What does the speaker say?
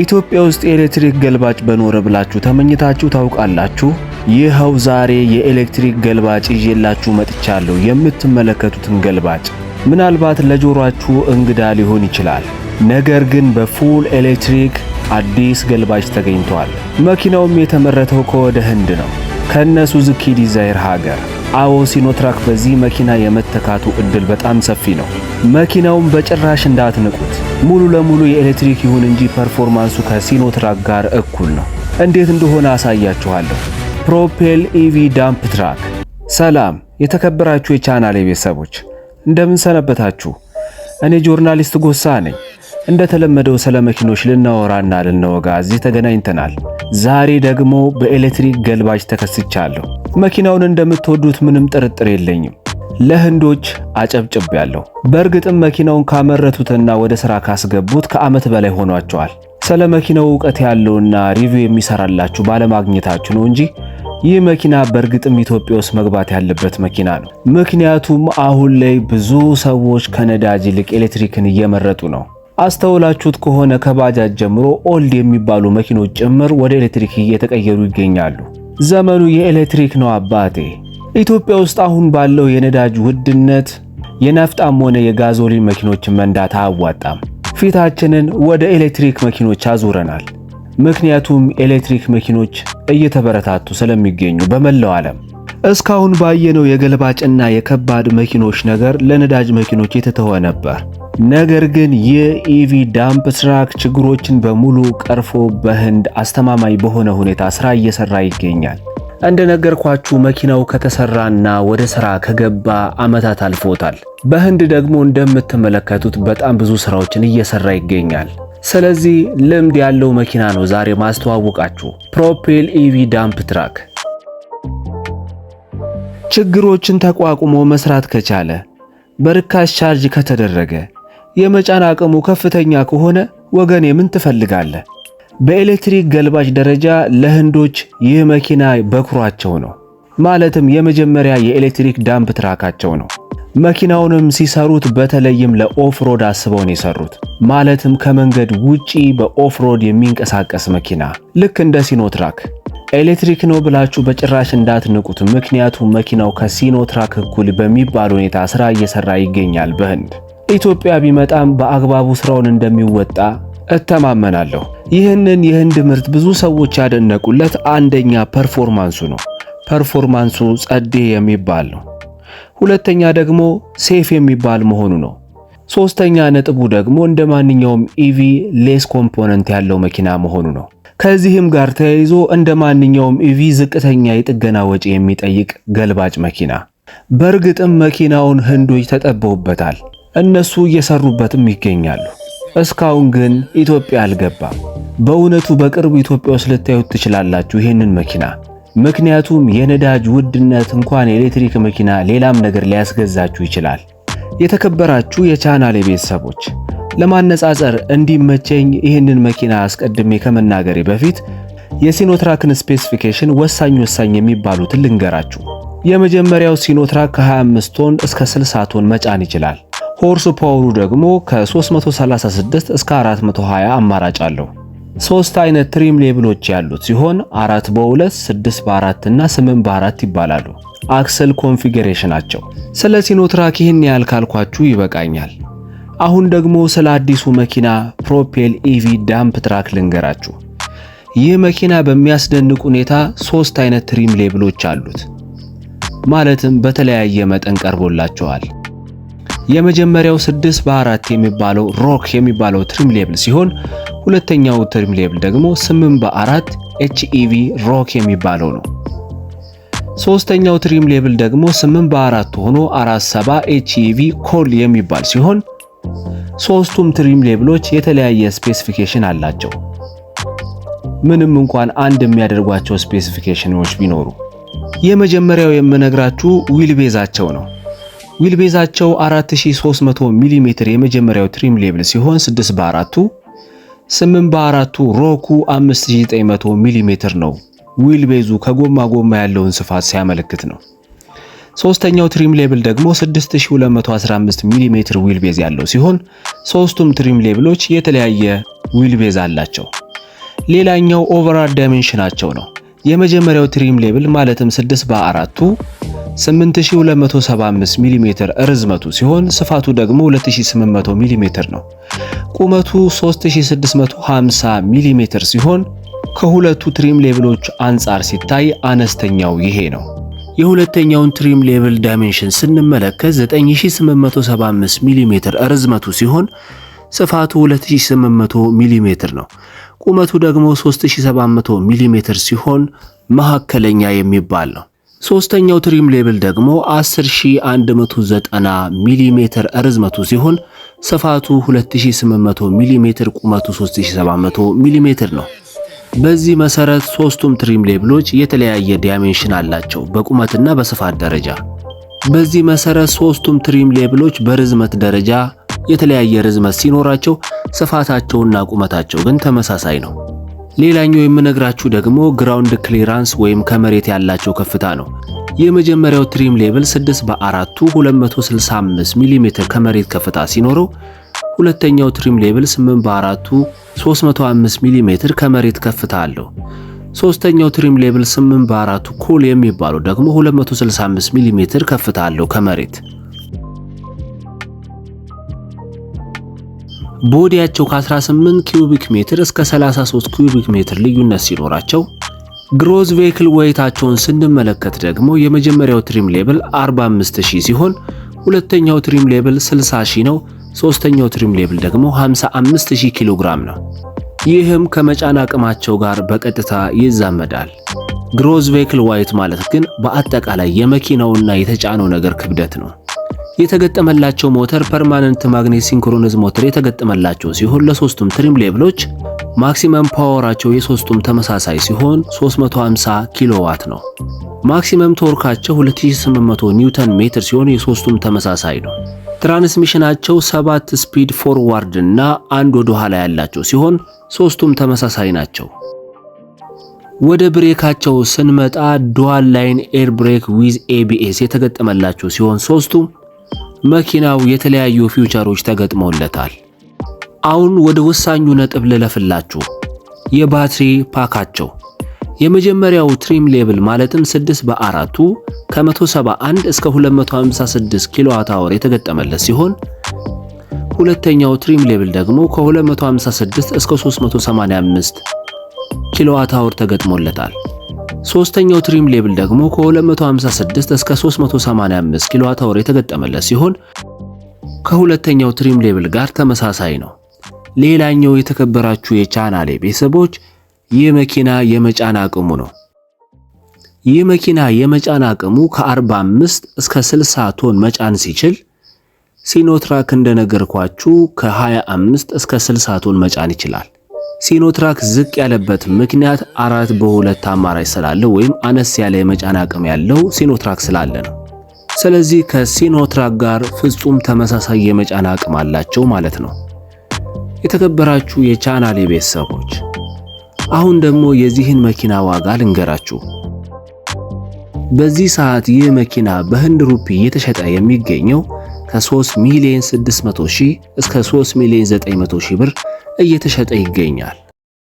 ኢትዮጵያ ውስጥ የኤሌክትሪክ ገልባጭ በኖረ ብላችሁ ተመኝታችሁ ታውቃላችሁ? ይኸው ዛሬ የኤሌክትሪክ ገልባጭ ይዤላችሁ መጥቻለሁ። የምትመለከቱትን ገልባጭ ምናልባት ለጆሮአችሁ እንግዳ ሊሆን ይችላል፣ ነገር ግን በፉል ኤሌክትሪክ አዲስ ገልባጭ ተገኝቷል። መኪናውም የተመረተው ከወደ ህንድ ነው፣ ከነሱ ዝኪ ዲዛይር ሀገር። አዎ ሲኖትራክ በዚህ መኪና የመተካቱ እድል በጣም ሰፊ ነው። መኪናውም በጭራሽ እንዳትንቁት። ሙሉ ለሙሉ የኤሌክትሪክ ይሁን እንጂ ፐርፎርማንሱ ከሲኖትራክ ጋር እኩል ነው። እንዴት እንደሆነ አሳያችኋለሁ። ፕሮፔል ኢቪ ዳምፕ ትራክ። ሰላም የተከበራችሁ የቻናሌ ቤተሰቦች እንደምን ሰነበታችሁ? እኔ ጆርናሊስት ጎሳ ነኝ። እንደተለመደው ስለ መኪኖች ልናወራና ልናወጋ እዚህ ተገናኝተናል። ዛሬ ደግሞ በኤሌክትሪክ ገልባጭ ተከስቻለሁ። መኪናውን እንደምትወዱት ምንም ጥርጥር የለኝም። ለህንዶች አጨብጭብ ያለው በእርግጥም መኪናውን ካመረቱትና ወደ ስራ ካስገቡት ከዓመት በላይ ሆኗቸዋል። ስለ መኪናው እውቀት ያለውና ሪቪው የሚሰራላችሁ ባለማግኘታችሁ ነው እንጂ ይህ መኪና በእርግጥም ኢትዮጵያ ውስጥ መግባት ያለበት መኪና ነው። ምክንያቱም አሁን ላይ ብዙ ሰዎች ከነዳጅ ይልቅ ኤሌክትሪክን እየመረጡ ነው። አስተውላችሁት ከሆነ ከባጃጅ ጀምሮ ኦልድ የሚባሉ መኪኖች ጭምር ወደ ኤሌክትሪክ እየተቀየሩ ይገኛሉ። ዘመኑ የኤሌክትሪክ ነው አባቴ ኢትዮጵያ ውስጥ አሁን ባለው የነዳጅ ውድነት የናፍጣም ሆነ የጋዞሊን መኪኖችን መንዳት አያዋጣም። ፊታችንን ወደ ኤሌክትሪክ መኪኖች አዙረናል። ምክንያቱም ኤሌክትሪክ መኪኖች እየተበረታቱ ስለሚገኙ በመላው ዓለም። እስካሁን ባየነው የገልባጭና የከባድ መኪኖች ነገር ለነዳጅ መኪኖች የተተወ ነበር። ነገር ግን የኢቪ ዳምፕ ትራክ ችግሮችን በሙሉ ቀርፎ በህንድ አስተማማኝ በሆነ ሁኔታ ስራ እየሰራ ይገኛል። እንደነገርኳችሁ መኪናው ከተሰራና ወደ ስራ ከገባ አመታት አልፎታል። በህንድ ደግሞ እንደምትመለከቱት በጣም ብዙ ስራዎችን እየሰራ ይገኛል። ስለዚህ ልምድ ያለው መኪና ነው ዛሬ ማስተዋወቃችሁ ፕሮፔል ኢቪ ዳምፕ ትራክ። ችግሮችን ተቋቁሞ መስራት ከቻለ በርካሽ ቻርጅ ከተደረገ የመጫን አቅሙ ከፍተኛ ከሆነ ወገኔ ምን ትፈልጋለህ? በኤሌክትሪክ ገልባጭ ደረጃ ለህንዶች ይህ መኪና በኩራቸው ነው። ማለትም የመጀመሪያ የኤሌክትሪክ ዳምፕ ትራካቸው ነው። መኪናውንም ሲሰሩት በተለይም ለኦፍሮድ አስበው ነው የሰሩት። ማለትም ከመንገድ ውጪ በኦፍሮድ የሚንቀሳቀስ መኪና ልክ እንደ ሲኖትራክ ኤሌክትሪክ ነው ብላችሁ በጭራሽ እንዳትንቁት። ምክንያቱም መኪናው ከሲኖትራክ እኩል በሚባል ሁኔታ ስራ እየሰራ ይገኛል። በህንድ ኢትዮጵያ ቢመጣም በአግባቡ ስራውን እንደሚወጣ እተማመናለሁ። ይህንን የህንድ ምርት ብዙ ሰዎች ያደነቁለት አንደኛ ፐርፎርማንሱ ነው። ፐርፎርማንሱ ጸዴ የሚባል ነው። ሁለተኛ ደግሞ ሴፍ የሚባል መሆኑ ነው። ሶስተኛ ነጥቡ ደግሞ እንደ ማንኛውም ኢቪ ሌስ ኮምፖነንት ያለው መኪና መሆኑ ነው። ከዚህም ጋር ተያይዞ እንደ ማንኛውም ኢቪ ዝቅተኛ የጥገና ወጪ የሚጠይቅ ገልባጭ መኪና። በእርግጥም መኪናውን ህንዶች ተጠበውበታል። እነሱ እየሰሩበትም ይገኛሉ። እስካሁን ግን ኢትዮጵያ አልገባም። በእውነቱ በቅርቡ ኢትዮጵያ ውስጥ ልታዩት ትችላላችሁ ይሄንን መኪና። ምክንያቱም የነዳጅ ውድነት እንኳን የኤሌክትሪክ መኪና ሌላም ነገር ሊያስገዛችሁ ይችላል። የተከበራችሁ የቻናሌ ቤተሰቦች ለማነጻጸር እንዲመቸኝ ይህንን መኪና አስቀድሜ ከመናገሬ በፊት የሲኖትራክን ስፔሲፊኬሽን ወሳኝ ወሳኝ የሚባሉትን ልንገራችሁ። የመጀመሪያው ሲኖትራክ ከ25 ቶን እስከ 60 ቶን መጫን ይችላል። ሆርስ ፓወሩ ደግሞ ከ336 እስከ 420 አማራጭ አለው። ሶስት አይነት ትሪም ሌብሎች ያሉት ሲሆን አራት በ2፣ 6 በ4 እና 8 በ4 ይባላሉ። አክሰል ኮንፊግሬሽናቸው። ስለ ሲኖትራክ ይህን ያህል ካልኳችሁ ይበቃኛል። አሁን ደግሞ ስለ አዲሱ መኪና ፕሮፔል ኢቪ ዳምፕ ትራክ ልንገራችሁ። ይህ መኪና በሚያስደንቅ ሁኔታ ሶስት አይነት ትሪም ሌብሎች አሉት፣ ማለትም በተለያየ መጠን ቀርቦላቸዋል። የመጀመሪያው 6 በ4 የሚባለው ሮክ የሚባለው ትሪም ሌብል ሲሆን ሁለተኛው ትሪም ሌብል ደግሞ 8 በ4 ኤችኢቪ ሮክ የሚባለው ነው። ሶስተኛው ትሪም ሌብል ደግሞ 8 በ4 ሆኖ 47 ኤችኢቪ ኮል የሚባል ሲሆን ሶስቱም ትሪም ሌብሎች የተለያየ ስፔሲፊኬሽን አላቸው ምንም እንኳን አንድ የሚያደርጓቸው ስፔሲፊኬሽኖች ቢኖሩ የመጀመሪያው የምነግራችሁ ዊልቤዛቸው ነው። ዊል ቤዛቸው 4300 ሚሜ የመጀመሪያው ትሪም ሌብል ሲሆን 6 በአራቱ 8 በአራቱ ሮኩ 5900 ሚሜ ነው። ዊል ቤዙ ከጎማ ጎማ ያለውን ስፋት ሲያመለክት ነው። ሶስተኛው ትሪም ሌብል ደግሞ 6215 ሚሜ ዊል ቤዝ ያለው ሲሆን ሶስቱም ትሪም ሌብሎች የተለያየ ዊል ቤዝ አላቸው። ሌላኛው ኦቨራል ዳይሜንሽናቸው ነው። የመጀመሪያው ትሪም ሌብል ማለትም 6 በአራቱ 8275 ሚሜ ርዝመቱ ሲሆን ስፋቱ ደግሞ 2800 ሚሜ ነው። ቁመቱ 3650 ሚሜ ሲሆን ከሁለቱ ትሪም ሌብሎች አንጻር ሲታይ አነስተኛው ይሄ ነው። የሁለተኛውን ትሪም ሌብል ዳይሜንሽን ስንመለከት 9875 ሚሜ ርዝመቱ ሲሆን ስፋቱ 2800 ሚሜ ነው። ቁመቱ ደግሞ 3700 ሚሜ ሲሆን መካከለኛ የሚባል ነው። ሶስተኛው ትሪም ሌብል ደግሞ 10190 ሚሜ ርዝመቱ ሲሆን ስፋቱ 2800 ሚሜ፣ ቁመቱ 3700 ሚሜ ነው። በዚህ መሰረት ሶስቱም ትሪም ሌብሎች የተለያየ ዳይሜንሽን አላቸው በቁመትና በስፋት ደረጃ። በዚህ መሰረት ሶስቱም ትሪም ሌብሎች በርዝመት ደረጃ የተለያየ ርዝመት ሲኖራቸው ስፋታቸውና ቁመታቸው ግን ተመሳሳይ ነው። ሌላኛው የምነግራችሁ ደግሞ ግራውንድ ክሊራንስ ወይም ከመሬት ያላቸው ከፍታ ነው። የመጀመሪያው ትሪም ሌቭል 6 በአራቱ 265 ሚሜ ከመሬት ከፍታ ሲኖረው ሁለተኛው ትሪም ሌቭል 8 በአራቱ 305 ሚሜ ከመሬት ከፍታ አለው። ሶስተኛው ትሪም ሌቭል 8 በአራቱ ኮል የሚባለው ደግሞ 265 ሚሜ ከፍታ አለው ከመሬት ቦዲያቸው ከ18 ኪዩቢክ ሜትር እስከ 33 ኪዩቢክ ሜትር ልዩነት ሲኖራቸው ግሮዝ ቬክል ወይታቸውን ስንመለከት ደግሞ የመጀመሪያው ትሪም ሌብል 45000 ሲሆን ሁለተኛው ትሪም ሌብል 60000 ነው። ሶስተኛው ትሪም ሌብል ደግሞ 55000 ኪሎ ግራም ነው። ይህም ከመጫን አቅማቸው ጋር በቀጥታ ይዛመዳል። ግሮዝ ቬክል ዋይት ማለት ግን በአጠቃላይ የመኪናውና የተጫነው ነገር ክብደት ነው። የተገጠመላቸው ሞተር ፐርማነንት ማግኔት ሲንክሮነስ ሞተር የተገጠመላቸው ሲሆን ለሶስቱም ትሪም ሌቭሎች ማክሲመም ፓወራቸው የሶስቱም ተመሳሳይ ሲሆን 350 ኪሎዋት ነው። ማክሲመም ቶርካቸው 2800 ኒውተን ሜትር ሲሆን የሶስቱም ተመሳሳይ ነው። ትራንስሚሽናቸው ሰባት ስፒድ ፎርዋርድ እና አንድ ወደ ኋላ ያላቸው ሲሆን ሶስቱም ተመሳሳይ ናቸው። ወደ ብሬካቸው ስንመጣ ዱዋል ላይን ኤር ብሬክ ዊዝ ኤቢኤስ የተገጠመላቸው ሲሆን ሶስቱም መኪናው የተለያዩ ፊውቸሮች ተገጥመውለታል። አሁን ወደ ወሳኙ ነጥብ ልለፍላችሁ፣ የባትሪ ፓካቸው። የመጀመሪያው ትሪም ሌብል ማለትም 6 በአራቱ ከ171 እስከ 256 ኪሎዋት አወር የተገጠመለት ሲሆን ሁለተኛው ትሪም ሌብል ደግሞ ከ256 እስከ 385 ኪሎዋት አወር ተገጥሞለታል። ሶስተኛው ትሪም ሌብል ደግሞ ከ256 እስከ 385 ኪሎዋት አወር የተገጠመለት ሲሆን ከሁለተኛው ትሪም ሌብል ጋር ተመሳሳይ ነው። ሌላኛው የተከበራችሁ የቻናሌ ቤተሰቦች ይህ መኪና የመጫን አቅሙ ነው። ይህ መኪና የመጫን አቅሙ ከ45 እስከ 60 ቶን መጫን ሲችል ሲኖትራክ እንደነገርኳችሁ ከ25 እስከ 60 ቶን መጫን ይችላል። ሲኖትራክ ዝቅ ያለበት ምክንያት አራት በሁለት አማራጭ ስላለው ወይም አነስ ያለ የመጫን አቅም ያለው ሲኖትራክ ስላለ ነው። ስለዚህ ከሲኖትራክ ጋር ፍጹም ተመሳሳይ የመጫን አቅም አላቸው ማለት ነው። የተከበራችሁ የቻናሌ ቤተሰቦች አሁን ደግሞ የዚህን መኪና ዋጋ ልንገራችሁ። በዚህ ሰዓት ይህ መኪና በህንድ ሩፒ እየተሸጠ የሚገኘው ከ3 ሚሊዮን 600 ሺህ እስከ 3 ሚሊዮን 900 ሺህ ብር እየተሸጠ ይገኛል።